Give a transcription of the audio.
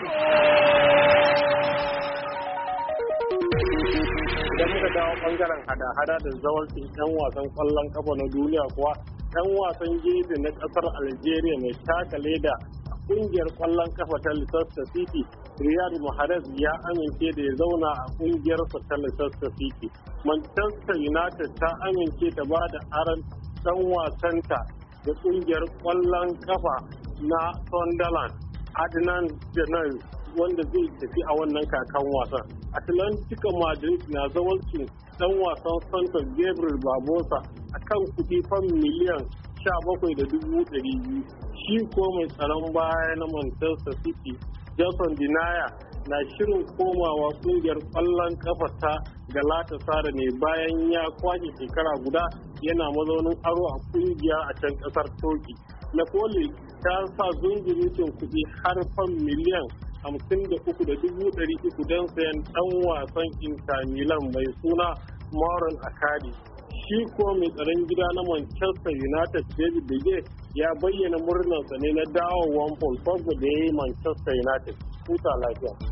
Idan muka dawo ɓangaren hada-hada da zawarcin 'yan wasan ƙwallon ƙafa na duniya kuwa 'yan wasan gefe na ƙasar Algeria mai taka leda a ƙungiyar ƙwallon kafa ta Leicester City Riyad Mahrez ya amince da ya zauna a ƙungiyarsa ta Leicester City. Manchester United ta amince ta ba da aron ɗan wasanta da ƙungiyar ƙwallon ƙafa na Sunderland Adnan Janar wanda zai tafi a wannan kakan wasan. Atlantico Madrid na zawarcin dan wasan Santos Gabriel Barbosa a kan kuɗi fan miliyan 17,200 shi ko mai tsaron baya na Manchester City Jason Dinaya na shirin komawa kungiyar kwallon kafa ta Galatasaray ne bayan ya kwashe shekara guda yana mazaunin aro a kungiya a can kasar na koli ta sa zungirin kuɗi har fan miliyan hamsin da uku da dubu ɗari uku don sayan ɗan wasan Inter Milan mai suna Moran Akadi. Shi ko mai tsaron gida na Manchester United David De ya bayyana murnar ne na dawowan Paul Pogba da ya yi Manchester United. Huta lafiya.